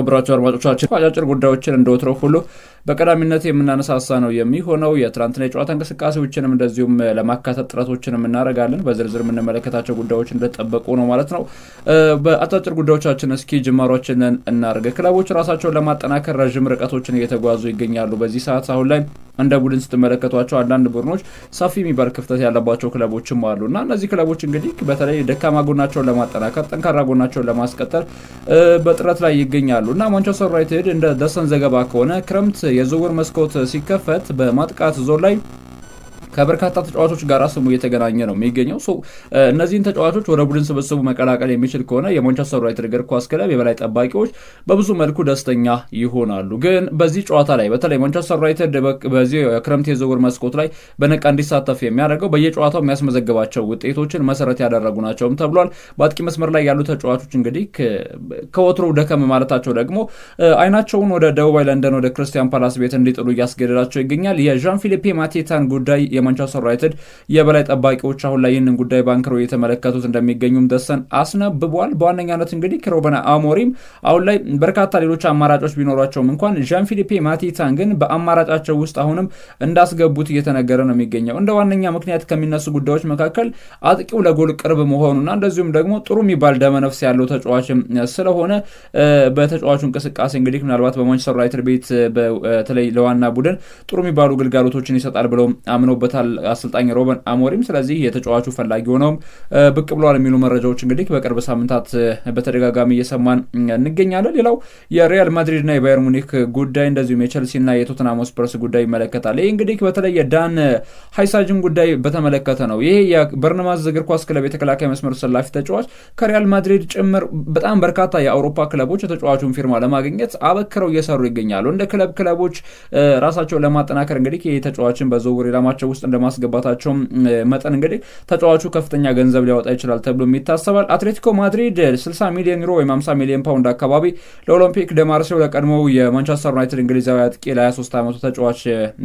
የተከበራቸው አድማጮቻችን አጫጭር ጉዳዮችን እንደወትረው ሁሉ በቀዳሚነት የምናነሳሳ ነው የሚሆነው። የትናንትና የጨዋታ እንቅስቃሴዎችንም እንደዚሁም ለማካተት ጥረቶችንም እናደርጋለን። በዝርዝር የምንመለከታቸው ጉዳዮች እንደጠበቁ ነው ማለት ነው። በአጫጭር ጉዳዮቻችን እስኪ ጅማሯችንን እናድርግ። ክለቦች ራሳቸውን ለማጠናከር ረዥም ርቀቶችን እየተጓዙ ይገኛሉ። በዚህ ሰዓት አሁን ላይ እንደ ቡድን ስትመለከቷቸው አንዳንድ ቡድኖች ሰፊ የሚባል ክፍተት ያለባቸው ክለቦችም አሉ እና እነዚህ ክለቦች እንግዲህ በተለይ ደካማ ጎናቸውን ለማጠናከር ጠንካራ ጎናቸውን ለማስቀጠል በጥረት ላይ ይገኛሉ። እና ማንቸስተር ዩናይትድ እንደ ደሰን ዘገባ ከሆነ ክረምት የዝውውር መስኮት ሲከፈት በማጥቃት ዞን ላይ ከበርካታ ተጫዋቾች ጋር ስሙ እየተገናኘ ነው የሚገኘው። እነዚህን ተጫዋቾች ወደ ቡድን ስብስቡ መቀላቀል የሚችል ከሆነ የማንቸስተር ዩናይትድ እግር ኳስ ክለብ የበላይ ጠባቂዎች በብዙ መልኩ ደስተኛ ይሆናሉ። ግን በዚህ ጨዋታ ላይ በተለይ ማንቸስተር ዩናይትድ በዚህ የክረምት የዝውውር መስኮት ላይ በነቃ እንዲሳተፍ የሚያደርገው በየጨዋታው የሚያስመዘግባቸው ውጤቶችን መሰረት ያደረጉ ናቸውም ተብሏል። በአጥቂ መስመር ላይ ያሉ ተጫዋቾች እንግዲህ ከወትሮ ደከም ማለታቸው ደግሞ አይናቸውን ወደ ደቡባዊ ለንደን ወደ ክርስቲያን ፓላስ ቤት እንዲጥሉ እያስገደዳቸው ይገኛል። የዣን ፊሊፔ ማቴታን ጉዳይ የማንቸስተር ዩናይትድ የበላይ ጠባቂዎች አሁን ላይ ይህንን ጉዳይ ባንክሮ እየተመለከቱት እንደሚገኙም ደሰን አስነብቧል። በዋነኛነት እንግዲህ ሩበን አሞሪም አሁን ላይ በርካታ ሌሎች አማራጮች ቢኖሯቸውም እንኳን ዣን ፊሊፔ ማቲታን ግን በአማራጫቸው ውስጥ አሁንም እንዳስገቡት እየተነገረ ነው የሚገኘው። እንደ ዋነኛ ምክንያት ከሚነሱ ጉዳዮች መካከል አጥቂው ለጎል ቅርብ መሆኑና እንደዚሁም ደግሞ ጥሩ የሚባል ደመነፍስ ያለው ተጫዋችም ስለሆነ በተጫዋቹ እንቅስቃሴ እንግዲህ ምናልባት በማንቸስተር ዩናይትድ ቤት በተለይ ለዋና ቡድን ጥሩ የሚባሉ ግልጋሎቶችን ይሰጣል ብለው አምነውበት አሰልጣኝ ሮበን አሞሪም። ስለዚህ የተጫዋቹ ፈላጊ ሆነውም ብቅ ብለዋል የሚሉ መረጃዎች እንግዲህ በቅርብ ሳምንታት በተደጋጋሚ እየሰማን እንገኛለን። ሌላው የሪያል ማድሪድና የባየር ሙኒክ ጉዳይ እንደዚሁም የቸልሲና የቶትናም ስፐርስ ጉዳይ ይመለከታል። ይህ እንግዲህ በተለይ የዳን ሀይሳጅን ጉዳይ በተመለከተ ነው። ይሄ የበርነማዝ እግር ኳስ ክለብ የተከላካይ መስመር ሰላፊ ተጫዋች ከሪያል ማድሪድ ጭምር በጣም በርካታ የአውሮፓ ክለቦች የተጫዋቹን ፊርማ ለማግኘት አበክረው እየሰሩ ይገኛሉ። እንደ ክለብ ክለቦች ራሳቸውን ለማጠናከር እንግዲህ ተጫዋችን በዝውውር ኢላማቸው ውስጥ ውስጥ እንደማስገባታቸው መጠን እንግዲህ ተጫዋቹ ከፍተኛ ገንዘብ ሊያወጣ ይችላል ተብሎ ይታሰባል። አትሌቲኮ ማድሪድ 60 ሚሊዮን ዩሮ ወይም 50 ሚሊዮን ፓውንድ አካባቢ ለኦሎምፒክ ደማርሴው ለቀድሞው የማንቸስተር ዩናይትድ እንግሊዛዊ አጥቂ ለ23 ዓመቱ ተጫዋች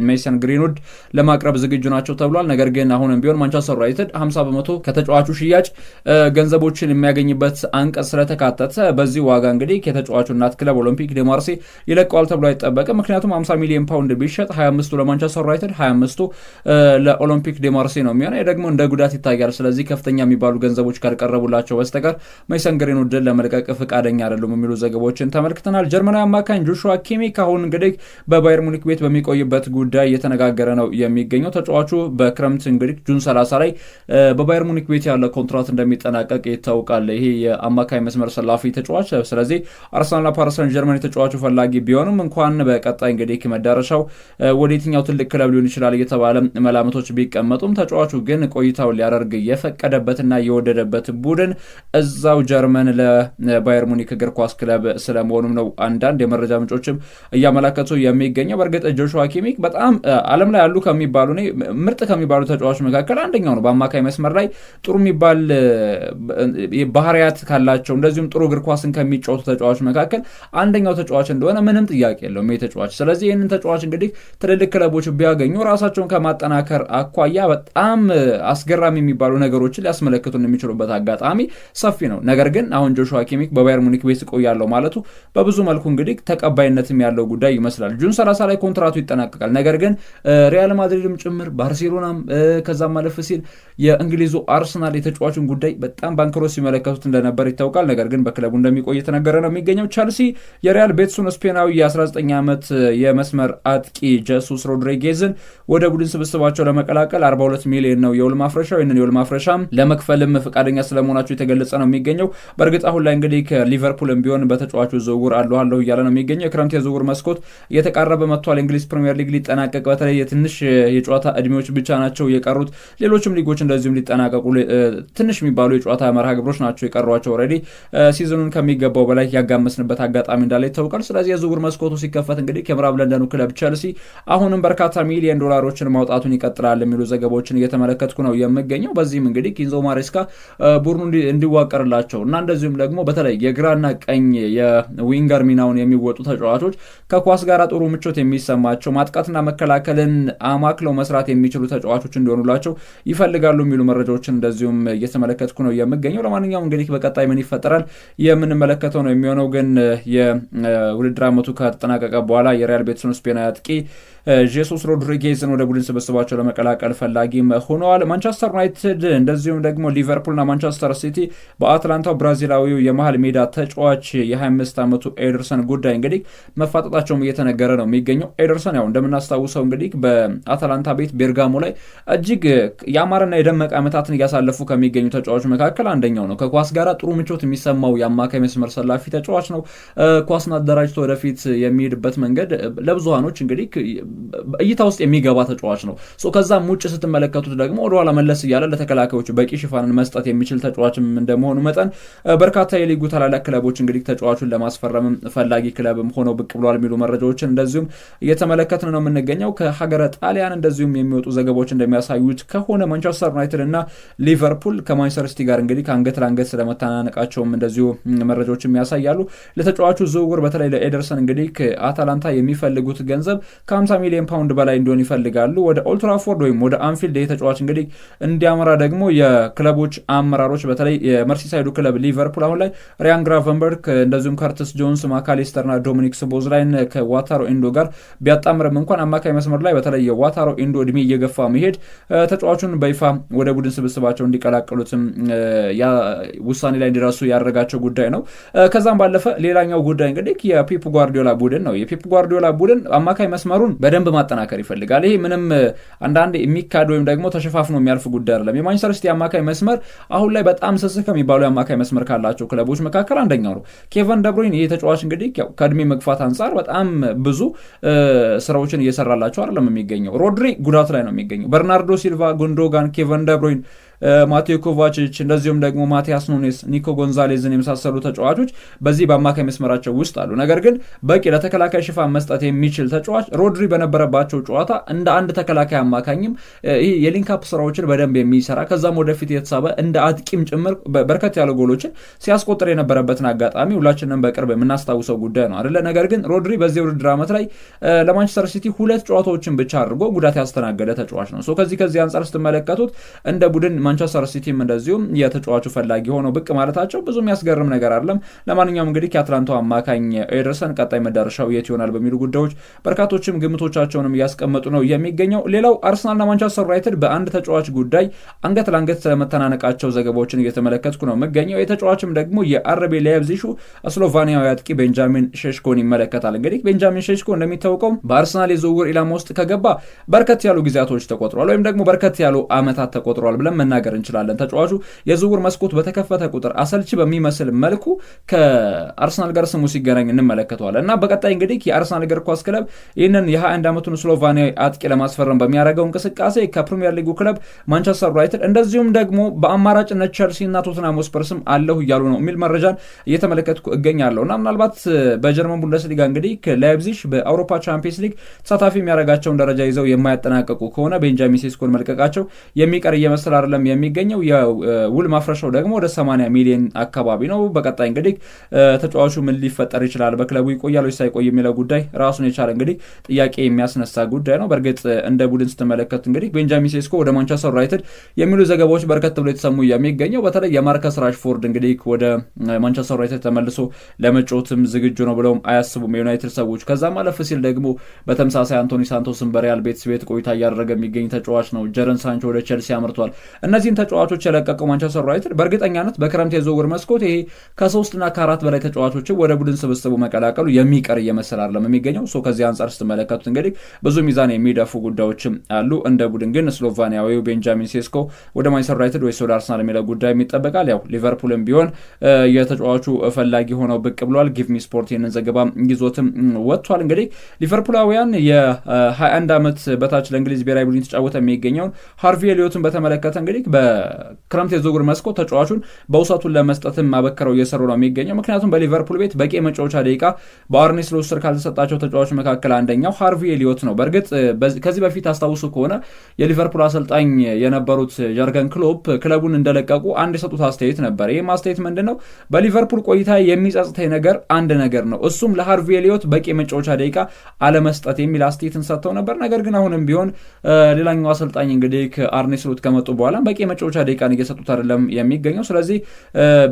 ሜሰን ግሪንውድ ለማቅረብ ዝግጁ ናቸው ተብሏል። ነገር ግን አሁንም ቢሆን ማንቸስተር ዩናይትድ 50 በመቶ ከተጫዋቹ ሽያጭ ገንዘቦችን የሚያገኝበት አንቀጽ ስለተካተተ በዚህ ዋጋ እንግዲህ ከተጫዋቹ እናት ክለብ ኦሎምፒክ ደማርሴ ይለቀዋል ተብሎ አይጠበቅም። ምክንያቱም 50 ሚሊዮን ፓውንድ ቢሸጥ 25ቱ ለማንቸስተር ዩናይትድ 25ቱ ለኦሎምፒክ ዴማርሴ ነው የሚሆነው። ይህ ደግሞ እንደ ጉዳት ይታያል። ስለዚህ ከፍተኛ የሚባሉ ገንዘቦች ካልቀረቡላቸው በስተቀር መይሰን ግሪን ውድን ለመልቀቅ ፍቃደኛ አይደሉም የሚሉ ዘገባዎችን ተመልክተናል። ጀርመናዊ አማካኝ ጆሹዋ ኪሚ ካሁን እንግዲህ በባየር ሙኒክ ቤት በሚቆይበት ጉዳይ እየተነጋገረ ነው የሚገኘው። ተጫዋቹ በክረምት እንግዲህ ጁን 30 ላይ በባየር ሙኒክ ቤት ያለ ኮንትራት እንደሚጠናቀቅ ይታወቃል። ይሄ የአማካኝ መስመር ሰላፊ ተጫዋች ስለዚህ አርሰናልና ፓሪስ ጀርመን የተጫዋቹ ፈላጊ ቢሆንም እንኳን በቀጣይ እንግዲህ መዳረሻው ወደ የትኛው ትልቅ ክለብ ሊሆን ይችላል እየተባለ ዓመቶች ቢቀመጡም ተጫዋቹ ግን ቆይታው ሊያደርግ የፈቀደበትና የወደደበት ቡድን እዛው ጀርመን ለባየር ሙኒክ እግር ኳስ ክለብ ስለመሆኑም ነው አንዳንድ የመረጃ ምንጮችም እያመላከቱ የሚገኘው። በእርግጥ ጆሹዋ ኪሚክ በጣም ዓለም ላይ ያሉ ከሚባሉ ምርጥ ከሚባሉ ተጫዋች መካከል አንደኛው ነው። በአማካይ መስመር ላይ ጥሩ የሚባል ባህሪያት ካላቸው እንደዚሁም ጥሩ እግር ኳስን ከሚጫወቱ ተጫዋች መካከል አንደኛው ተጫዋች እንደሆነ ምንም ጥያቄ የለውም ይህ ተጫዋች። ስለዚህ ይህንን ተጫዋች እንግዲህ ትልልቅ ክለቦች ቢያገኙ ራሳቸውን ከማጠናከ ከማጠናከር አኳያ በጣም አስገራሚ የሚባሉ ነገሮችን ሊያስመለክቱን የሚችሉበት አጋጣሚ ሰፊ ነው። ነገር ግን አሁን ጆሹዋ ኪሚክ በባየር ሙኒክ ቤት እቆያለሁ ማለቱ በብዙ መልኩ እንግዲህ ተቀባይነትም ያለው ጉዳይ ይመስላል። ጁን 30 ላይ ኮንትራቱ ይጠናቀቃል። ነገር ግን ሪያል ማድሪድም ጭምር ባርሴሎናም፣ ከዛም ማለፍ ሲል የእንግሊዙ አርሰናል የተጫዋቹን ጉዳይ በጣም ባንክሮ ሲመለከቱት እንደነበር ይታወቃል። ነገር ግን በክለቡ እንደሚቆይ የተነገረ ነው የሚገኘው። ቸልሲ የሪያል ቤትሱን ስፔናዊ የ19 ዓመት የመስመር አጥቂ ጀሱስ ሮድሪጌዝን ወደ ቡድን ስብስባቸው እሳቸው ለመቀላቀል 42 ሚሊዮን ነው የውል ማፍረሻው። ይህንን የውል ማፍረሻ ለመክፈልም ፈቃደኛ ስለመሆናቸው የተገለጸ ነው የሚገኘው። በእርግጥ አሁን ላይ እንግዲህ ከሊቨርፑልም ቢሆን በተጫዋቹ ዝውውር አለኋለሁ እያለ ነው የሚገኘው። የክረምት የዝውውር መስኮት እየተቃረበ መጥቷል። እንግሊዝ ፕሪምየር ሊግ ሊጠናቀቅ በተለይ የትንሽ የጨዋታ እድሜዎች ብቻ ናቸው የቀሩት። ሌሎችም ሊጎች እንደዚሁም ሊጠናቀቁ ትንሽ የሚባሉ የጨዋታ መርሃ ግብሮች ናቸው የቀሯቸው። ኦልሬዲ ሲዝኑን ከሚገባው በላይ ያጋመስንበት አጋጣሚ እንዳለ ይታወቃል። ስለዚህ የዝውውር መስኮቱ ሲከፈት እንግዲህ ከምዕራብ ለንደኑ ክለብ ቸልሲ አሁንም በርካታ ሚሊየን ዶላሮችን ማውጣቱን ይቀ ይቀጥላል የሚሉ ዘገባዎችን እየተመለከትኩ ነው የምገኘው። በዚህም እንግዲህ ኪንዞ ማሬስካ ቡድኑ እንዲዋቀርላቸው እና እንደዚሁም ደግሞ በተለይ የግራና ቀኝ የዊንገር ሚናውን የሚወጡ ተጫዋቾች ከኳስ ጋር ጥሩ ምቾት የሚሰማቸው ማጥቃትና መከላከልን አማክለው መስራት የሚችሉ ተጫዋቾች እንዲሆኑላቸው ይፈልጋሉ የሚሉ መረጃዎችን እንደዚሁም እየተመለከትኩ ነው የምገኘው። ለማንኛውም እንግዲህ በቀጣይ ምን ይፈጠራል የምንመለከተው ነው የሚሆነው። ግን የውድድር አመቱ ከተጠናቀቀ በኋላ የሪያል ቤቲስን ስፔናዊ አጥቂ ጄሱስ ሮድሪጌዝን ወደ ቡድን ስብስባቸው ቡድናቸው ለመቀላቀል ፈላጊም ሆነዋል። ማንቸስተር ዩናይትድ እንደዚሁም ደግሞ ሊቨርፑልና ማንቸስተር ሲቲ በአትላንታው ብራዚላዊው የመሀል ሜዳ ተጫዋች የ25 ዓመቱ ኤደርሰን ጉዳይ እንግዲህ መፋጠጣቸውም እየተነገረ ነው የሚገኘው። ኤደርሰን ያው እንደምናስታውሰው እንግዲህ በአትላንታ ቤት ቤርጋሞ ላይ እጅግ የአማረና የደመቀ ዓመታትን እያሳለፉ ከሚገኙ ተጫዋቾች መካከል አንደኛው ነው። ከኳስ ጋር ጥሩ ምቾት የሚሰማው የአማካይ መስመር ሰላፊ ተጫዋች ነው። ኳስን አደራጅቶ ወደፊት የሚሄድበት መንገድ ለብዙሃኖች እንግዲህ እይታ ውስጥ የሚገባ ተጫዋች ነው። ከዛም ውጭ ስትመለከቱት ደግሞ ወደኋላ መለስ እያለ ለተከላካዮቹ በቂ ሽፋንን መስጠት የሚችል ተጫዋችም እንደመሆኑ መጠን በርካታ የሊጉ ታላላቅ ክለቦች እንግዲህ ተጫዋቹን ለማስፈረምም ፈላጊ ክለብም ሆነው ብቅ ብሏል የሚሉ መረጃዎችን እንደዚሁም እየተመለከትን ነው የምንገኘው። ከሀገረ ጣሊያን እንደዚሁም የሚወጡ ዘገባዎች እንደሚያሳዩት ከሆነ ማንቸስተር ዩናይትድ እና ሊቨርፑል ከማንቸስተር ሲቲ ጋር እንግዲህ ከአንገት ለአንገት ስለመተናነቃቸውም እንደዚሁ መረጃዎችም ያሳያሉ። ለተጫዋቹ ዝውውር በተለይ ለኤደርሰን እንግዲህ አታላንታ የሚፈልጉት ገንዘብ ከ50 ሚሊዮን ፓውንድ በላይ እንዲሆን ይፈልጋሉ። ወደ ኦልቶ ኦልትራፎርድ ወይም ወደ አንፊልድ የተጫዋች እንግዲህ እንዲያመራ ደግሞ የክለቦች አመራሮች በተለይ የመርሲሳይዱ ክለብ ሊቨርፑል አሁን ላይ ሪያን ግራቨንበርግ እንደዚሁም ከርትስ ጆንስ፣ ማካሊስተርና ዶሚኒክ ስቦዝላይን ከዋታሮ ኢንዶ ጋር ቢያጣምርም እንኳን አማካይ መስመር ላይ በተለይ የዋታሮ ኢንዶ እድሜ እየገፋ መሄድ ተጫዋቹን በይፋ ወደ ቡድን ስብስባቸው እንዲቀላቀሉትም ውሳኔ ላይ እንዲደርሱ ያደረጋቸው ጉዳይ ነው። ከዛም ባለፈ ሌላኛው ጉዳይ እንግዲህ የፒፕ ጓርዲዮላ ቡድን ነው። የፒፕ ጓርዲዮላ ቡድን አማካይ መስመሩን በደንብ ማጠናከር ይፈልጋል። ይሄ ምንም አንዳንድ የሚካድ ወይም ደግሞ ተሸፋፍኖ የሚያልፍ ጉዳይ አይደለም። የማንቸስተር ሲቲ አማካይ መስመር አሁን ላይ በጣም ስስ ከሚባሉ የአማካይ መስመር ካላቸው ክለቦች መካከል አንደኛው ነው። ኬቨን ደብሮይን ይህ ተጫዋች እንግዲህ ከእድሜ መግፋት አንጻር በጣም ብዙ ስራዎችን እየሰራላቸው አይደለም የሚገኘው። ሮድሪ ጉዳት ላይ ነው የሚገኘው። በርናርዶ ሲልቫ፣ ጉንዶጋን፣ ኬቨን ደብሮይን ማቴዮ ኮቫችች እንደዚሁም ደግሞ ማቲያስ ኑኔስ፣ ኒኮ ጎንዛሌዝን የመሳሰሉ ተጫዋቾች በዚህ በአማካይ መስመራቸው ውስጥ አሉ። ነገር ግን በቂ ለተከላካይ ሽፋን መስጠት የሚችል ተጫዋች ሮድሪ በነበረባቸው ጨዋታ እንደ አንድ ተከላካይ አማካኝም ይህ የሊንካፕ ስራዎችን በደንብ የሚሰራ ከዛም ወደፊት የተሳበ እንደ አጥቂም ጭምር በርከት ያሉ ጎሎችን ሲያስቆጥር የነበረበትን አጋጣሚ ሁላችንም በቅርብ የምናስታውሰው ጉዳይ ነው አደለ። ነገር ግን ሮድሪ በዚህ ውድድር ዓመት ላይ ለማንቸስተር ሲቲ ሁለት ጨዋታዎችን ብቻ አድርጎ ጉዳት ያስተናገደ ተጫዋች ነው። ከዚህ ከዚህ አንጻር ስትመለከቱት እንደ ቡድን ማንቸስተር ሲቲም እንደዚሁ የተጫዋቹ ፈላጊ ሆነው ብቅ ማለታቸው ብዙ የሚያስገርም ነገር አይደለም። ለማንኛውም እንግዲህ ከአትላንቶ አማካኝ ኤደርሰን ቀጣይ መዳረሻው የት ይሆናል በሚሉ ጉዳዮች በርካቶችም ግምቶቻቸውንም እያስቀመጡ ነው የሚገኘው። ሌላው አርሰናልና ማንቸስተር ዩናይትድ በአንድ ተጫዋች ጉዳይ አንገት ለአንገት ስለመተናነቃቸው ዘገባዎችን እየተመለከትኩ ነው የምገኘው። የተጫዋችም ደግሞ የአረቤ ላይፕዚሹ ስሎቫኒያዊ አጥቂ ቤንጃሚን ሼሽኮን ይመለከታል። እንግዲህ ቤንጃሚን ሼሽኮ እንደሚታወቀው በአርሰናል የዝውውር ኢላማ ውስጥ ከገባ በርከት ያሉ ጊዜያቶች ተቆጥሯል፣ ወይም ደግሞ በርከት ያሉ ዓመታት ተቆጥሯል ብለን መናገር እንችላለን። ተጫዋቹ የዝውውር መስኮት በተከፈተ ቁጥር አሰልቺ በሚመስል መልኩ ከአርሰናል ጋር ስሙ ሲገናኝ እንመለከተዋለን እና በቀጣይ እንግዲህ የአርሰናል እግር ኳስ ክለብ ይህንን የ21 ዓመቱን ስሎቫኒያዊ አጥቂ ለማስፈረም በሚያደርገው እንቅስቃሴ ከፕሪሚየር ሊጉ ክለብ ማንቸስተር ዩናይትድ እንደዚሁም ደግሞ በአማራጭነት ቸልሲ እና ቶትናም ስፐርስም አለሁ እያሉ ነው የሚል መረጃን እየተመለከትኩ እገኛለሁ እና ምናልባት በጀርመን ቡንደስሊጋ እንግዲህ ላይፕዚሽ በአውሮፓ ቻምፒየንስ ሊግ ተሳታፊ የሚያደርጋቸውን ደረጃ ይዘው የማያጠናቀቁ ከሆነ ቤንጃሚን ሴስኮን መልቀቃቸው የሚቀር እየመሰል አይደለም የሚገኘው የውል ማፍረሻው ደግሞ ወደ 80 ሚሊዮን አካባቢ ነው። በቀጣይ እንግዲህ ተጫዋቹ ምን ሊፈጠር ይችላል፣ በክለቡ ይቆያል ወይስ ሳይቆይ የሚለው ጉዳይ ራሱን የቻለ እንግዲህ ጥያቄ የሚያስነሳ ጉዳይ ነው። በእርግጥ እንደ ቡድን ስትመለከት እንግዲህ ቤንጃሚን ሴስኮ ወደ ማንቸስተር ዩናይትድ የሚሉ ዘገባዎች በርከት ብሎ የተሰሙ የሚገኘው በተለይ የማርከስ ራሽፎርድ እንግዲህ ወደ ማንቸስተር ዩናይትድ ተመልሶ ለመጫወትም ዝግጁ ነው ብለውም አያስቡም የዩናይትድ ሰዎች። ከዛም አለፍ ሲል ደግሞ በተመሳሳይ አንቶኒ ሳንቶስን በሪያል ቤቲስ ቤት ቆይታ እያደረገ የሚገኝ ተጫዋች ነው። ጀረን ሳንቾ ወደ ቼልሲ አምርቷል እና እነዚህን ተጫዋቾች የለቀቀው ማንቸስተር ዩናይትድ በእርግጠኛነት በክረምት የዝውውር መስኮት ይሄ ከሶስትና ከአራት በላይ ተጫዋቾችን ወደ ቡድን ስብስቡ መቀላቀሉ የሚቀር እየመሰል አይደለም የሚገኘው። ሶ ከዚህ አንጻር ስትመለከቱት እንግዲህ ብዙ ሚዛን የሚደፉ ጉዳዮችም አሉ። እንደ ቡድን ግን ስሎቫኒያዊው ቤንጃሚን ሴስኮ ወደ ማንቸስተር ዩናይትድ ወይስ ወደ አርሰናል የሚለው ጉዳይም ይጠበቃል። ያው ሊቨርፑልም ቢሆን የተጫዋቹ ፈላጊ ሆነው ብቅ ብሏል። ጊቭ ሚ ስፖርት ይህንን ዘገባ ይዞትም ወጥቷል። እንግዲህ ሊቨርፑላውያን የ21 ዓመት በታች ለእንግሊዝ ብሔራዊ ቡድን የተጫወተ የሚገኘውን ሃርቪ ኤሊዮትን በተመለከተ እንግዲህ በክረምት የዝውውር መስኮ ተጫዋቹን በውሰቱን ለመስጠትም አበክረው እየሰሩ ነው የሚገኘው። ምክንያቱም በሊቨርፑል ቤት በቂ መጫወቻ ደቂቃ በአርኔ ስሎት ስር ካልተሰጣቸው ተጫዋቾች መካከል አንደኛው ሃርቪ ኤሊዮት ነው። በእርግጥ ከዚህ በፊት አስታውሱ ከሆነ የሊቨርፑል አሰልጣኝ የነበሩት ጀርገን ክሎፕ ክለቡን እንደለቀቁ አንድ የሰጡት አስተያየት ነበር። ይህም አስተያየት ምንድን ነው? በሊቨርፑል ቆይታ የሚጸጽተኝ ነገር አንድ ነገር ነው፣ እሱም ለሃርቪ ኤሊዮት በቂ መጫወቻ ደቂቃ አለመስጠት የሚል አስተያየትን ሰጥተው ነበር። ነገር ግን አሁንም ቢሆን ሌላኛው አሰልጣኝ እንግዲህ ከአርኔ ስሎት ከመጡ በኋላ በቂ የመጫወቻ ደቂቃን እየሰጡት አይደለም የሚገኘው። ስለዚህ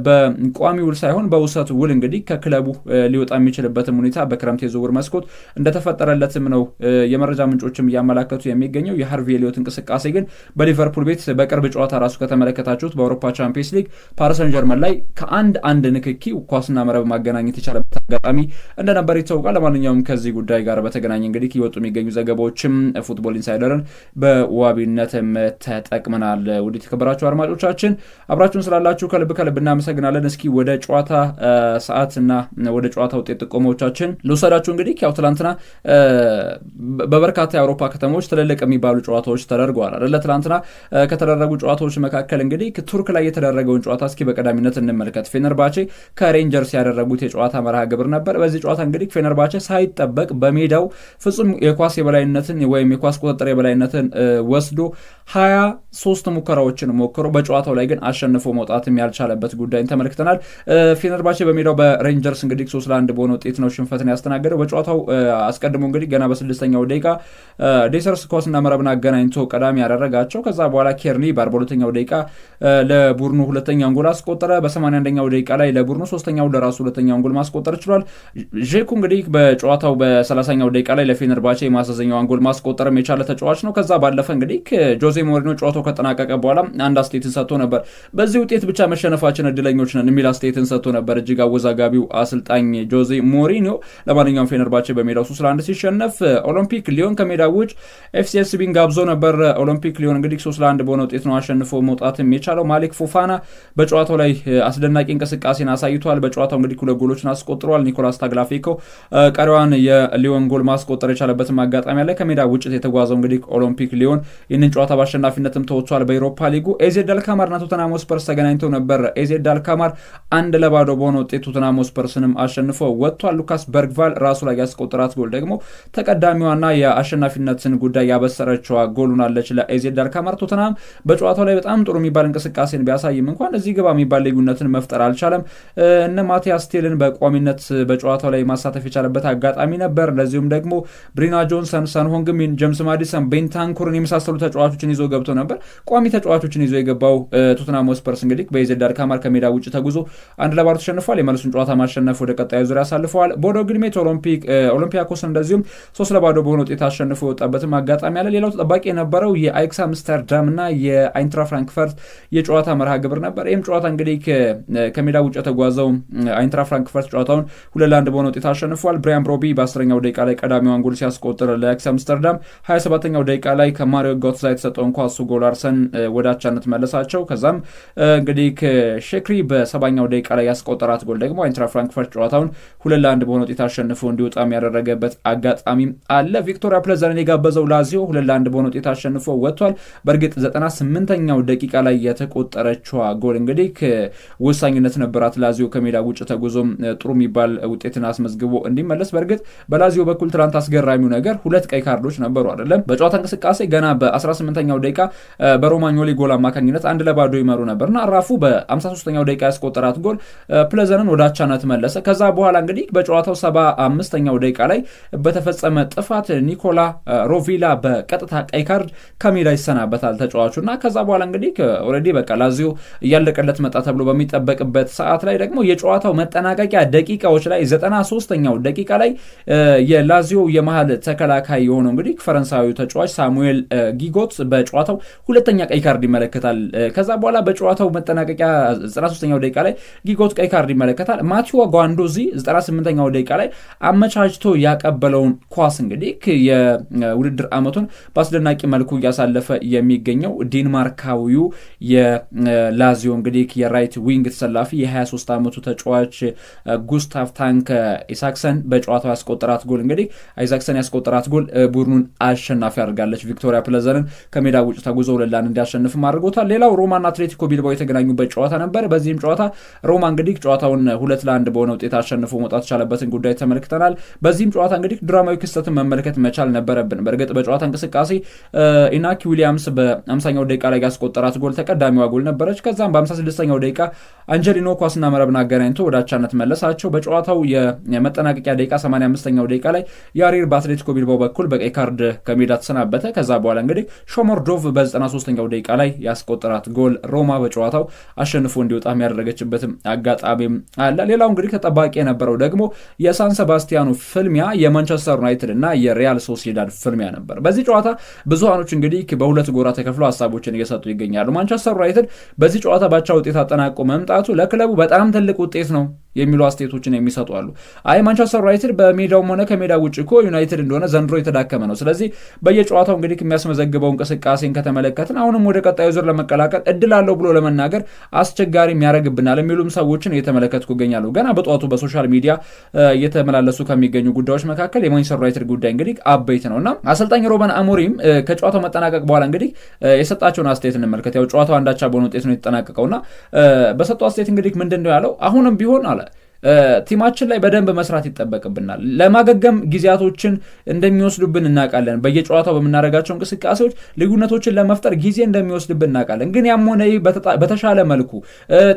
በቋሚ ውል ሳይሆን በውሰት ውል እንግዲህ ከክለቡ ሊወጣ የሚችልበትም ሁኔታ በክረምት የዝውውር መስኮት እንደተፈጠረለትም ነው የመረጃ ምንጮችም እያመላከቱ የሚገኘው። የሃርቪ ኤሊዮት እንቅስቃሴ ግን በሊቨርፑል ቤት በቅርብ ጨዋታ ራሱ ከተመለከታችሁት በአውሮፓ ቻምፒየንስ ሊግ ፓርሰን ጀርመን ላይ ከአንድ አንድ ንክኪ ኳስና መረብ ማገናኘት የቻለበት አጋጣሚ እንደነበር ይታወቃል። ለማንኛውም ከዚህ ጉዳይ ጋር በተገናኘ እንግዲህ እየወጡ የሚገኙ ዘገባዎችም ፉትቦል ኢንሳይደርን በዋቢነትም ተጠቅመናል። ውድ የተከበራችሁ አድማጮቻችን አብራችሁን ስላላችሁ ከልብ ከልብ እናመሰግናለን። እስኪ ወደ ጨዋታ ሰዓት እና ወደ ጨዋታ ውጤት ጥቆማዎቻችን ልውሰዳችሁ። እንግዲህ ያው ትላንትና በበርካታ የአውሮፓ ከተሞች ትልልቅ የሚባሉ ጨዋታዎች ተደርገዋል አደለ? ትላንትና ከተደረጉ ጨዋታዎች መካከል እንግዲህ ቱርክ ላይ የተደረገውን ጨዋታ እስኪ በቀዳሚነት እንመልከት። ፌነርባቼ ከሬንጀርስ ያደረጉት የጨዋታ መርሃ ግብር ነበር። በዚህ ጨዋታ እንግዲህ ፌነርባቼ ሳይጠበቅ በሜዳው ፍጹም የኳስ የበላይነትን ወይም የኳስ ቁጥጥር የበላይነትን ወስዶ ሀያ ሶስት ሙከራ ሙከራዎችን ሞክሮ በጨዋታው ላይ ግን አሸንፎ መውጣትም ያልቻለበት ጉዳይን ተመልክተናል። ፌነርባቼ በሜዳው በሬንጀርስ እንግዲህ ሶስት ለአንድ በሆነ ውጤት ነው ሽንፈትን ያስተናገደው። በጨዋታው አስቀድሞ እንግዲህ ገና በስድስተኛው ደቂቃ ዴሰርስ ኳስና መረብን አገናኝቶ ቀዳሚ ያደረጋቸው፣ ከዛ በኋላ ኬርኒ በአርባ ሁለተኛው ደቂቃ ለቡድኑ ሁለተኛውን ጎል አስቆጠረ። በሰማንያ አንደኛው ደቂቃ ላይ ለቡድኑ ሶስተኛው ለራሱ ሁለተኛውን ጎል ማስቆጠር ችሏል። ዤኩ እንግዲህ በጨዋታው በሰላሳኛው ደቂቃ ላይ ለፌነርባቼ የማሰዘኛዋን ጎል ማስቆጠርም የቻለ ተጫዋች ነው። ከዛ ባለፈ እንግዲህ ጆዜ ሞሪኖ ጨዋታው ከጠናቀቀ በኋላ አንድ አስተያየትን ሰጥቶ ነበር። በዚህ ውጤት ብቻ መሸነፋችን እድለኞች ነን የሚል አስተያየትን ሰጥቶ ነበር እጅግ አወዛጋቢው አሰልጣኝ ጆዜ ሞሪኒዮ። ለማንኛውም ፌነርባቼ በሜዳው ሶስት ለአንድ ሲሸነፍ ኦሎምፒክ ሊዮን ከሜዳ ውጭ ኤፍሲኤስቢን ጋብዞ ነበር። ኦሎምፒክ ሊዮን እንግዲህ ሶስት ለአንድ በሆነ ውጤት ነው አሸንፎ መውጣትም የቻለው። ማሌክ ፉፋና በጨዋታው ላይ አስደናቂ እንቅስቃሴን አሳይቷል። በጨዋታው እንግዲህ ሁለት ጎሎችን አስቆጥሯል። ኒኮላስ ታግላፊኮ ቀሪዋን የሊዮን ጎል ማስቆጠር የቻለበትም አጋጣሚ ላይ ከሜዳ ውጭት የተጓዘው እንግዲህ ኦሎምፒክ ሊዮን ይህንን ጨዋታ በአሸናፊነትም ተወጥቷል። በኢሮፓ በአውሮፓ ሊጉ ኤዜድ አልካማርና ቶተናም ስፐርስ ተገናኝተው ነበር። ኤዜድ አልካማር አንድ ለባዶ በሆነ ውጤት ቶተናም ስፐርስንም አሸንፎ ወጥቷል። ሉካስ በርግቫል ራሱ ላይ ያስቆጠራት ጎል ደግሞ ተቀዳሚዋና የአሸናፊነትን ጉዳይ ያበሰረችዋ ጎል ሆናለች ለኤዜድ አልካማር። ቶተናም በጨዋታው ላይ በጣም ጥሩ የሚባል እንቅስቃሴን ቢያሳይም እንኳን እዚህ ግባ የሚባል ልዩነትን መፍጠር አልቻለም። እነ ማቲያስ ቴልን በቋሚነት በጨዋታው ላይ ማሳተፍ የቻለበት አጋጣሚ ነበር። ለዚሁም ደግሞ ብሪና ጆንሰን፣ ሰንሆንግሚን፣ ጀምስ ማዲሰን፣ ቤንታንኩርን የመሳሰሉ ተጫዋቾችን ይዞ ገብቶ ነበር ቋሚ ተጫዋቾችን ይዞ የገባው ቶትናም ስፐርስ እንግዲህ በኢዜድ ዳርካማር ከሜዳ ውጭ ተጉዞ አንድ ለባዶ ተሸንፏል። የመልሱን ጨዋታ ማሸነፍ ወደ ቀጣዩ ዙሪያ አሳልፈዋል። ቦዶ ግድሜት ኦሎምፒያኮስን እንደዚሁም ሶስት ለባዶ በሆነ ውጤት አሸንፎ የወጣበትም አጋጣሚ አለ። ሌላው ተጠባቂ የነበረው የአይክስ አምስተርዳም እና የአይንትራ ፍራንክፈርት የጨዋታ መርሃ ግብር ነበር። ይህም ጨዋታ እንግዲህ ከሜዳ ውጭ የተጓዘው አይንትራ ፍራንክፈርት ጨዋታውን ሁለት ለአንድ በሆነ ውጤት አሸንፏል። ብሪያን ብሮቢ በአስረኛው ደቂቃ ላይ ቀዳሚዋን ጎል ሲያስቆጥር ለአይክስ አምስተርዳም ሀያ ሰባተኛው ደቂቃ ላይ ከማሪዮ ጎትዛ የተሰጠውን ኳሱ ጎላርሰን ወደ አቻነት መለሳቸው። ከዛም እንግዲህ ሼክሪ በሰባኛው ደቂቃ ላይ ያስቆጠራት ጎል ደግሞ አይንትራ ፍራንክፈርት ጨዋታውን ሁለት ለአንድ በሆነ ውጤት አሸንፎ እንዲወጣም ያደረገበት አጋጣሚ አለ። ቪክቶሪያ ፕለዘንን የጋበዘው ላዚዮ ሁለት ለአንድ በሆነ ውጤት አሸንፎ ወጥቷል። በእርግጥ ዘጠና ስምንተኛው ደቂቃ ላይ የተቆጠረችዋ ጎል እንግዲህ ወሳኝነት ነበራት። ላዚዮ ከሜዳ ውጭ ተጉዞም ጥሩ የሚባል ውጤትን አስመዝግቦ እንዲመለስ። በእርግጥ በላዚዮ በኩል ትናንት አስገራሚው ነገር ሁለት ቀይ ካርዶች ነበሩ አይደለም። በጨዋታ እንቅስቃሴ ገና በ18ኛው ደቂቃ በሮማኞ በቶሊ ጎል አማካኝነት አንድ ለባዶ ይመሩ እና ራፉ በ53ኛው ደቂቃ ያስቆጠራት ጎል ፕለዘንን ወደ አቻነት መለሰ። ከዛ በኋላ እንግዲህ በጨዋታው 75ኛው ደቂቃ ላይ በተፈጸመ ጥፋት ኒኮላ ሮቪላ በቀጥታ ቀይ ካርድ ከሜዳ ይሰናበታል ተጫዋቹ እና ከዛ በኋላ እንግዲህ ኦልሬዲ በቃ ላዚዮ እያለቀለት መጣ ተብሎ በሚጠበቅበት ሰዓት ላይ ደግሞ የጨዋታው መጠናቀቂያ ደቂቃዎች ላይ 93ኛው ደቂቃ ላይ የላዚዮ የመሀል ተከላካይ የሆነው እንግዲህ ፈረንሳዊ ተጫዋች ሳሙኤል ጊጎት በጨዋታው ሁለተኛ ቀይ ካርድ ይመለከታል። ከዛ በኋላ በጨዋታው መጠናቀቂያ 93ኛው ደቂቃ ላይ ጊጎት ቀይ ካርድ ይመለከታል። ማቲዋ ጓንዶዚ 98ኛው ደቂቃ ላይ አመቻችቶ ያቀበለውን ኳስ እንግዲህ የውድድር ዓመቱን በአስደናቂ መልኩ እያሳለፈ የሚገኘው ዴንማርካዊው የላዚዮ እንግዲህ የራይት ዊንግ ተሰላፊ የ23 ዓመቱ ተጫዋች ጉስታፍ ታንክ ኢሳክሰን በጨዋታው ያስቆጠራት ጎል እንግዲህ ኢሳክሰን ያስቆጠራት ጎል ቡድኑን አሸናፊ አድርጋለች። ቪክቶሪያ ፕለዘንን ከሜዳ ውጭ ተጉዞ ለላን እንዲያሸ እንዲያሸንፍም አድርጎታል። ሌላው ሮማና አትሌቲኮ ቢልባው የተገናኙበት ጨዋታ ነበር። በዚህም ጨዋታ ሮማ እንግዲህ ጨዋታውን ሁለት ለአንድ በሆነ ውጤት አሸንፎ መውጣት የቻለበትን ጉዳይ ተመልክተናል። በዚህም ጨዋታ እንግዲህ ድራማዊ ክስተትን መመልከት መቻል ነበረብን። በእርግጥ በጨዋታ እንቅስቃሴ ኢናኪ ዊሊያምስ በ50ኛው ደቂቃ ላይ ያስቆጠራት ጎል ተቀዳሚዋ ጎል ነበረች። ከዛም በ56ኛው ደቂቃ አንጀሊኖ ኳስና መረብን አገናኝቶ ወደ አቻነት መለሳቸው። በጨዋታው የመጠናቀቂያ ደቂቃ 85ኛው ደቂቃ ላይ ያሪር በአትሌቲኮ ቢልባው በኩል በቀይ ካርድ ከሜዳ ተሰናበተ። ከዛ በኋላ እንግዲህ ሾሞርዶቭ በ93ኛው ደቂቃ ደቂቃ ላይ ያስቆጠራት ጎል ሮማ በጨዋታው አሸንፎ እንዲወጣም ያደረገችበትም አጋጣሚም አለ። ሌላው እንግዲህ ተጠባቂ የነበረው ደግሞ የሳን ሰባስቲያኑ ፍልሚያ የማንቸስተር ዩናይትድ እና የሪያል ሶሲዳድ ፍልሚያ ነበር። በዚህ ጨዋታ ብዙሃኖች እንግዲህ በሁለት ጎራ ተከፍሎ ሀሳቦችን እየሰጡ ይገኛሉ። ማንቸስተር ዩናይትድ በዚህ ጨዋታ ባቻ ውጤት አጠናቆ መምጣቱ ለክለቡ በጣም ትልቅ ውጤት ነው የሚሉ አስተያየቶችን የሚሰጡ አሉ። አይ ማንቸስተር ዩናይትድ በሜዳውም ሆነ ከሜዳ ውጭ እኮ ዩናይትድ እንደሆነ ዘንድሮ የተዳከመ ነው። ስለዚህ በየጨዋታው እንግዲህ የሚያስመዘግበው እንቅስቃሴን ከተመለከትን አሁንም ወደ ቀጣዩ ዙር ለመቀላቀል እድል አለው ብሎ ለመናገር አስቸጋሪ የሚያደርግብናል የሚሉም ሰዎችን እየተመለከትኩ እገኛለሁ። ገና በጠዋቱ በሶሻል ሚዲያ እየተመላለሱ ከሚገኙ ጉዳዮች መካከል የማንቸስተር ዩናይትድ ጉዳይ እንግዲህ አበይት ነው እና አሰልጣኝ ሮበን አሞሪም ከጨዋታው መጠናቀቅ በኋላ እንግዲህ የሰጣቸውን አስተያየት እንመልከት። ያው ጨዋታው አንዳቻ በሆነ ውጤት ነው የተጠናቀቀውና በሰጡ አስተያየት እንግዲህ ምንድን ነው ያለው አሁንም ቢሆን አለ ቲማችን ላይ በደንብ መስራት ይጠበቅብናል። ለማገገም ጊዜያቶችን እንደሚወስዱብን እናውቃለን። በየጨዋታው በምናደርጋቸው እንቅስቃሴዎች ልዩነቶችን ለመፍጠር ጊዜ እንደሚወስድብን እናውቃለን። ግን ያም ሆነ ይህ በተሻለ መልኩ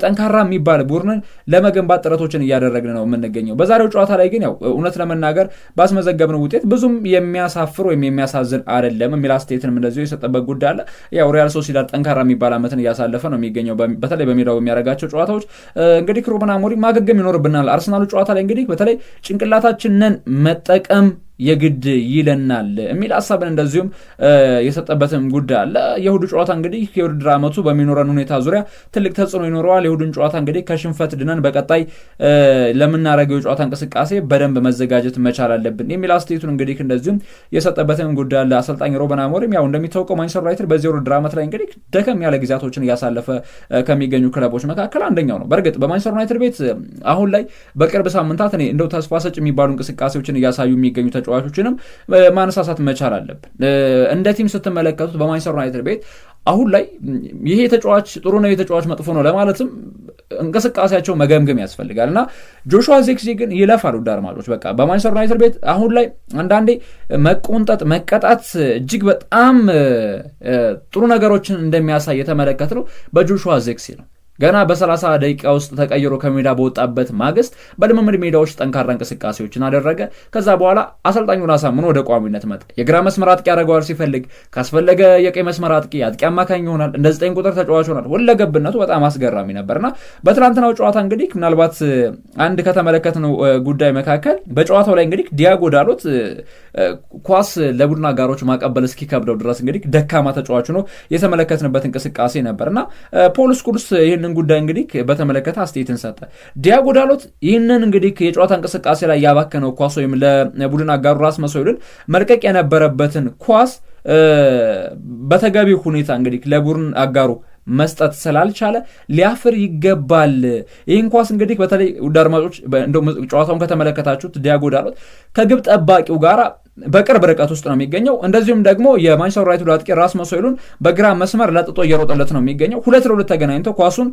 ጠንካራ የሚባል ቡድንን ለመገንባት ጥረቶችን እያደረግን ነው የምንገኘው። በዛሬው ጨዋታ ላይ ግን ያው እውነት ለመናገር ባስመዘገብነው ውጤት ብዙም የሚያሳፍር ወይም የሚያሳዝን አይደለም የሚል አስተያየትንም እንደዚሁ የሰጠበት ጉዳይ አለ። ያው ሪያል ሶሲዳድ ጠንካራ የሚባል ዓመትን እያሳለፈ ነው የሚገኘው። በተለይ በሜዳው የሚያደርጋቸው ጨዋታዎች እንግዲህ ሩበን አሞሪም ማገገም ይኖርብናል ይሆናል። አርሰናሉ ጨዋታ ላይ እንግዲህ በተለይ ጭንቅላታችንን መጠቀም የግድ ይለናል የሚል ሀሳብን እንደዚሁም የሰጠበትም ጉዳይ አለ። የሁዱ ጨዋታ እንግዲህ የውድድር ዓመቱ በሚኖረን ሁኔታ ዙሪያ ትልቅ ተጽዕኖ ይኖረዋል። የሁዱን ጨዋታ እንግዲህ ከሽንፈት ድነን በቀጣይ ለምናደርገው የጨዋታ እንቅስቃሴ በደንብ መዘጋጀት መቻል አለብን የሚል አስተያየቱን እንግዲህ እንደዚሁም የሰጠበትም ጉዳይ አለ። አሰልጣኝ ሮበን አሞሪም ያው እንደሚታወቀው ማንቸስተር ዩናይትድ በዚህ የውድድር ዓመት ላይ እንግዲህ ደከም ያለ ጊዜያቶችን እያሳለፈ ከሚገኙ ክለቦች መካከል አንደኛው ነው። በእርግጥ በማንቸስተር ዩናይትድ ቤት አሁን ላይ በቅርብ ሳምንታት እኔ እንደው ተስፋ ሰጭ የሚባሉ እንቅስቃሴዎችን እያሳዩ የሚገኙ ተጫዋቾችንም ማነሳሳት መቻል አለብን። እንደ ቲም ስትመለከቱት በማንቸስተር ዩናይትድ ቤት አሁን ላይ ይሄ ተጫዋች ጥሩ ነው፣ የተጫዋች መጥፎ ነው ለማለትም እንቅስቃሴያቸው መገምገም ያስፈልጋል እና ጆሹዋ ዜክዜ ግን ይለፋል። ውድ አድማጮች በቃ በማንቸስተር ዩናይትድ ቤት አሁን ላይ አንዳንዴ መቆንጠጥ፣ መቀጣት እጅግ በጣም ጥሩ ነገሮችን እንደሚያሳይ የተመለከት ነው በጆሹዋ ዜክዜ ነው። ገና በ30 ደቂቃ ውስጥ ተቀይሮ ከሜዳ በወጣበት ማግስት በልምምድ ሜዳዎች ጠንካራ እንቅስቃሴዎችን አደረገ። ከዛ በኋላ አሰልጣኙን አሳምኖ ወደ ቋሚነት መጣ። የግራ መስመር አጥቂ ያደርገዋል ሲፈልግ፣ ካስፈለገ የቀኝ መስመር አጥቂ አጥቂ አማካኝ ይሆናል፣ እንደ 9 ቁጥር ተጫዋች ሆናል። ሁለገብነቱ በጣም አስገራሚ ነበርና በትናንትናው ጨዋታ እንግዲህ ምናልባት አንድ ከተመለከትነው ጉዳይ መካከል በጨዋታው ላይ እንግዲህ ዲያጎ ዳሎት ኳስ ለቡድን አጋሮች ማቀበል እስኪከብደው ድረስ እንግዲህ ደካማ ተጫዋች ነው የተመለከትንበት እንቅስቃሴ ነበርና ፖል ስኩልስ ይህን ይህንን ጉዳይ እንግዲህ በተመለከተ አስተያየትን ሰጠ። ዲያጎ ዳሎት ይህንን እንግዲህ የጨዋታ እንቅስቃሴ ላይ ያባከነው ኳስ ወይም ለቡድን አጋሩ ራስ መሰውልን መልቀቅ የነበረበትን ኳስ በተገቢ ሁኔታ እንግዲህ ለቡድን አጋሩ መስጠት ስላልቻለ ሊያፍር ይገባል። ይህን ኳስ እንግዲህ በተለይ ውድ አድማጮች ጨዋታውን ከተመለከታችሁት ዲያጎ ዳሎት ከግብ ጠባቂው ጋር በቅርብ ርቀት ውስጥ ነው የሚገኘው። እንደዚሁም ደግሞ የማንቸስተር ዩናይትድ አጥቂ ራስ መሶይሉን በግራ መስመር ለጥጦ እየሮጠለት ነው የሚገኘው። ሁለት ለሁለት ተገናኝተው ኳሱን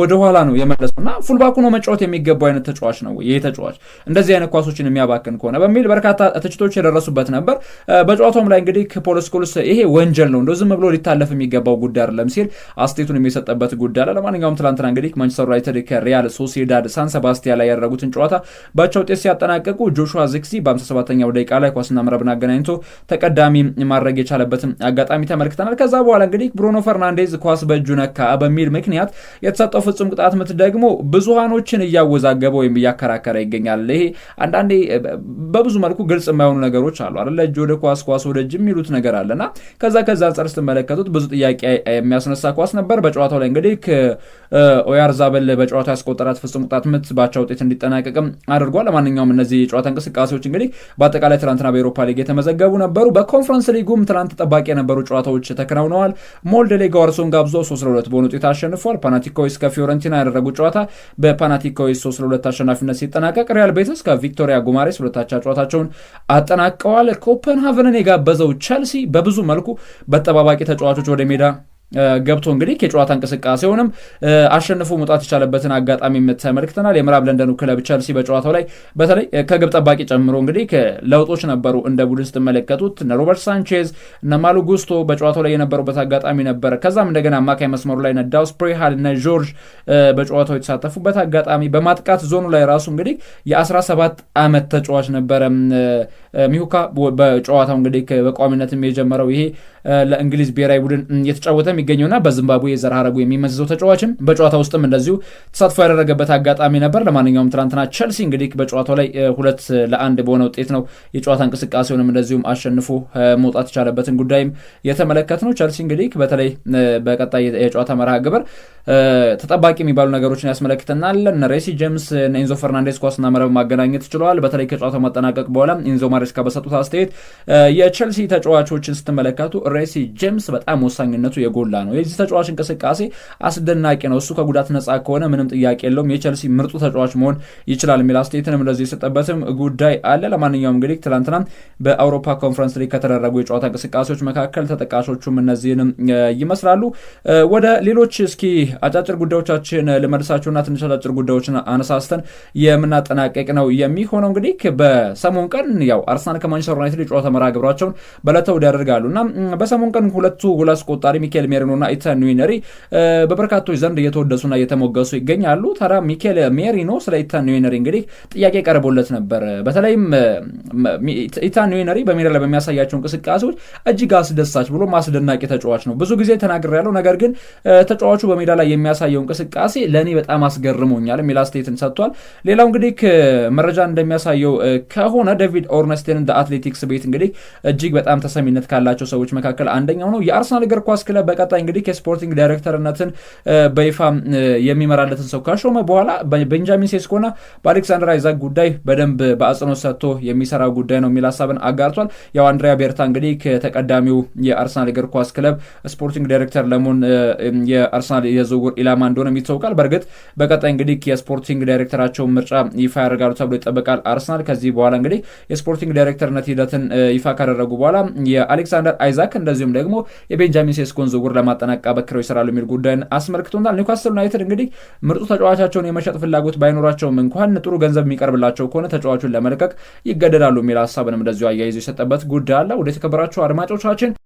ወደኋላ ነው የመለሰው እና ፉልባክ ሆኖ መጫወት የሚገባው አይነት ተጫዋች ነው ይህ ተጫዋች እንደዚህ አይነት ኳሶችን የሚያባክን ከሆነ በሚል በርካታ ትችቶች የደረሱበት ነበር። በጨዋታውም ላይ እንግዲህ ፖል ስኮልስ ይሄ ወንጀል ነው እንደው ዝም ብሎ ሊታለፍ የሚገባው ጉዳይ አይደለም ሲል አስቴቱን የሚሰጠበት ጉዳይ አለ። ለማንኛውም ትላንትና እንግዲህ ማንቸስተር ዩናይትድ ከሪያል ሶሲዳድ ሳን ሰባስቲያ ላይ ያደረጉትን ጨዋታ ባቻ ውጤት ሲያጠናቀቁ ጆሹዋ ዚክሲ በ57ኛው ደቂቃ ላይ ራሱና ምዕራብን አገናኝቶ ተቀዳሚ ማድረግ የቻለበትን አጋጣሚ ተመልክተናል። ከዛ በኋላ እንግዲህ ብሩኖ ፈርናንዴዝ ኳስ በእጁ ነካ በሚል ምክንያት የተሰጠው ፍጹም ቅጣት ምት ደግሞ ብዙሃኖችን እያወዛገበ ወይም እያከራከረ ይገኛል። ይሄ አንዳንዴ በብዙ መልኩ ግልጽ የማይሆኑ ነገሮች አሉ አለ እጅ ወደ ኳስ፣ ኳስ ወደ እጅ የሚሉት ነገር አለና ከዛ ከዛ አንጻር ስትመለከቱት ብዙ ጥያቄ የሚያስነሳ ኳስ ነበር። በጨዋታው ላይ እንግዲህ ኦያርዛበል በጨዋታ ያስቆጠራት ፍጹም ቅጣት ምት ባቻ ውጤት እንዲጠናቀቅም አድርጓል። ለማንኛውም እነዚህ የጨዋታ እንቅስቃሴዎች እንግዲህ በአጠቃላይ ትናንትና በኤሮፓ ሊግ የተመዘገቡ ነበሩ። በኮንፈረንስ ሊጉም ትናንት ተጠባቂ የነበሩ ጨዋታዎች ተከናውነዋል። ሞልደ ሌጋ ዋርሶን ጋብዞ 3 ለ2 በሆነ ውጤት አሸንፏል። ፓናቲካዊስ ከፊዮረንቲና ያደረጉ ጨዋታ በፓናቲካዊስ 3 ለ2 አሸናፊነት ሲጠናቀቅ፣ ሪያል ቤትስ ከቪክቶሪያ ጉማሬስ ሁለታቻ ጨዋታቸውን አጠናቀዋል። ኮፐንሃቨንን የጋበዘው ቸልሲ በብዙ መልኩ በጠባባቂ ተጫዋቾች ወደ ሜዳ ገብቶ እንግዲህ ከጨዋታ እንቅስቃሴውንም አሸንፎ መውጣት የቻለበትን አጋጣሚ ተመልክተናል። የምዕራብ ለንደኑ ክለብ ቸልሲ በጨዋታው ላይ በተለይ ከግብ ጠባቂ ጨምሮ እንግዲህ ለውጦች ነበሩ እንደ ቡድን ስትመለከቱት እነ ሮበርት ሳንቼዝ እነ ማሉ ጉስቶ በጨዋታው ላይ የነበሩበት አጋጣሚ ነበረ። ከዛም እንደገና አማካይ መስመሩ ላይ ነዳው ዳው ስፕሬሃል እነ ጆርጅ በጨዋታው የተሳተፉበት አጋጣሚ በማጥቃት ዞኑ ላይ ራሱ እንግዲህ የ17 ዓመት ተጫዋች ነበረ ሚሁካ በጨዋታው እንግዲህ በቋሚነትም የጀመረው ይሄ ለእንግሊዝ ብሔራዊ ቡድን እየተጫወተ የሚገኘውና በዚምባብዌ የዘር ሐረጉ የሚመዘዘው ተጫዋችም በጨዋታ ውስጥም እንደዚሁ ተሳትፎ ያደረገበት አጋጣሚ ነበር። ለማንኛውም ትናንትና ቸልሲ እንግዲህ በጨዋታው ላይ ሁለት ለአንድ በሆነ ውጤት ነው የጨዋታ እንቅስቃሴውንም እንደዚሁም አሸንፎ መውጣት የቻለበትን ጉዳይም የተመለከት ነው። ቸልሲ እንግዲህ በተለይ በቀጣይ የጨዋታ መርሃ ግብር ተጠባቂ የሚባሉ ነገሮችን ያስመለክተናል። ሬሲ ጄምስ፣ ኢንዞ ፈርናንዴስ ኳስና መረብ ማገናኘት ችለዋል። በተለይ ከጨዋታው ማጠናቀቅ በኋላ ኢንዞ ማ ማሬስካ በሰጡት አስተያየት የቸልሲ ተጫዋቾችን ስትመለከቱ ሬሲ ጄምስ በጣም ወሳኝነቱ የጎላ ነው። የዚህ ተጫዋች እንቅስቃሴ አስደናቂ ነው። እሱ ከጉዳት ነጻ ከሆነ ምንም ጥያቄ የለውም የቸልሲ ምርጡ ተጫዋች መሆን ይችላል የሚል አስተያየትንም ለዚህ የሰጠበትም ጉዳይ አለ። ለማንኛውም እንግዲህ ትላንትና በአውሮፓ ኮንፈረንስ ሊግ ከተደረጉ የጨዋታ እንቅስቃሴዎች መካከል ተጠቃሾቹም እነዚህንም ይመስላሉ። ወደ ሌሎች እስኪ አጫጭር ጉዳዮቻችን ልመልሳችሁና ትንሽ አጫጭር ጉዳዮችን አነሳስተን የምናጠናቀቅ ነው የሚሆነው እንግዲህ በሰሞን ቀን ያው አርሰናል ከማንቸስተር ዩናይትድ የጨዋታ መርሃ ግብራቸውን በለተው ያደርጋሉ እና በሰሞኑ ቀን ሁለቱ ጎል አስቆጣሪ ሚካኤል ሜሪኖና ኢታን ኑነሪ በበርካቶች ዘንድ እየተወደሱና እየተሞገሱ ይገኛሉ። ታዲያ ሚካኤል ሜሪኖ ስለ ኢታን ኑነሪ እንግዲህ ጥያቄ ቀርቦለት ነበር። በተለይም ኢታን ኑነሪ በሜዳ ላይ በሚያሳያቸው እንቅስቃሴዎች እጅግ አስደሳች ብሎ ማስደናቂ ተጫዋች ነው ብዙ ጊዜ ተናግር ያለው ነገር ግን ተጫዋቹ በሜዳ ላይ የሚያሳየው እንቅስቃሴ ለእኔ በጣም አስገርሞኛል የሚል አስተያየትን ሰጥቷል። ሌላው እንግዲህ መረጃ እንደሚያሳየው ከሆነ ዴቪድ ኦርነ መስቴን አትሌቲክስ ቤት እንግዲህ እጅግ በጣም ተሰሚነት ካላቸው ሰዎች መካከል አንደኛው ነው። የአርሰናል እግር ኳስ ክለብ በቀጣይ እንግዲህ የስፖርቲንግ ዳይሬክተርነትን በይፋ የሚመራለትን ሰው ከሾመ በኋላ ቤንጃሚን ሴስኮና በአሌክሳንደር አይዛክ ጉዳይ በደንብ በአጽንኦት ሰጥቶ የሚሰራ ጉዳይ ነው የሚል ሀሳብን አጋርቷል። ያው አንድሪያ ቤርታ እንግዲህ ከተቀዳሚው የአርሰናል እግር ኳስ ክለብ ስፖርቲንግ ዳይሬክተር ለመሆን የአርሰናል የዝውውር ኢላማ እንደሆነ ይታወቃል። በእርግጥ በቀጣይ እንግዲህ የስፖርቲንግ ዳይሬክተራቸውን ምርጫ ይፋ ያደርጋሉ ተብሎ ይጠበቃል። አርሰናል ከዚህ በኋላ እንግዲህ የስፖርቲንግ የስፖርቲንግ ዳይሬክተርነት ሂደትን ይፋ ካደረጉ በኋላ የአሌክሳንደር አይዛክ እንደዚሁም ደግሞ የቤንጃሚን ሴስኮን ዝውውር ለማጠናቀቅ በክረው ይሰራሉ የሚል ጉዳይን አስመልክቶናል። ኒውካስል ዩናይትድ እንግዲህ ምርጡ ተጫዋቻቸውን የመሸጥ ፍላጎት ባይኖራቸውም እንኳን ጥሩ ገንዘብ የሚቀርብላቸው ከሆነ ተጫዋቹን ለመልቀቅ ይገደዳሉ የሚል ሀሳብንም እንደዚሁ አያይዞ የሰጠበት ጉዳይ አለ። ወደ የተከበራችሁ አድማጮቻችን